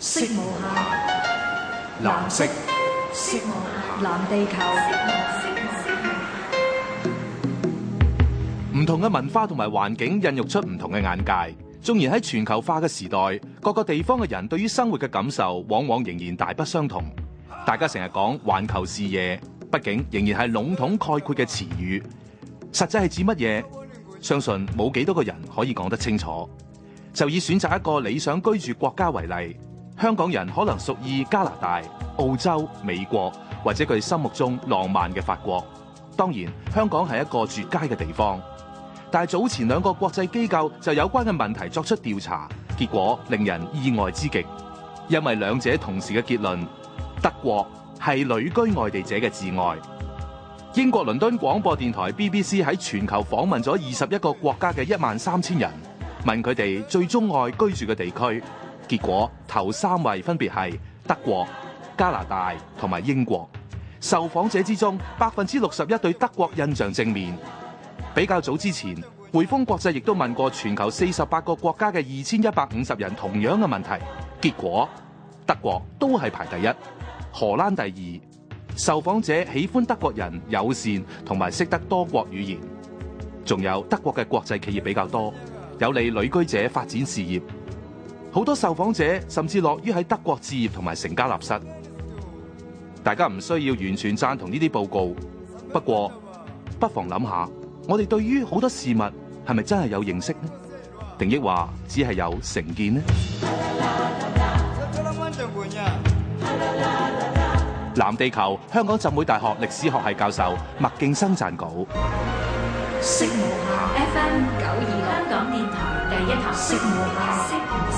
色無限，藍色，色無限，藍地球，唔同嘅文化同埋環境，孕育出唔同嘅眼界。縱然喺全球化嘅時代，各個地方嘅人對於生活嘅感受，往往仍然大不相同。大家成日講環球視野，畢竟仍然係籠統概括嘅詞語，實際係指乜嘢？相信冇幾多個人可以講得清楚。就以選擇一個理想居住國家為例。香港人可能屬意加拿大、澳洲、美國或者佢心目中浪漫嘅法國。當然，香港係一個絕佳嘅地方，但早前兩個國際機構就有關嘅問題作出調查，結果令人意外之極，因為兩者同時嘅結論，德國係旅居外地者嘅至愛。英國倫敦廣播電台 BBC 喺全球訪問咗二十一個國家嘅一萬三千人，問佢哋最鍾愛居住嘅地區。結果頭三位分別係德國、加拿大同埋英國。受訪者之中，百分之六十一對德國印象正面。比較早之前，匯豐國際亦都問過全球四十八個國家嘅二千一百五十人同樣嘅問題。結果德國都係排第一，荷蘭第二。受訪者喜歡德國人友善同埋識得多國語言，仲有德國嘅國際企業比較多，有利旅居者發展事業。好多受訪者甚至樂於喺德國置業同埋成家立室。大家唔需要完全贊同呢啲報告，不過不妨諗下，我哋對於好多事物係咪真係有認識呢？定抑話只係有成見呢？藍地球香港浸會大學歷史學系教授麥敬生撰稿無。F M 九二香港電台第一台。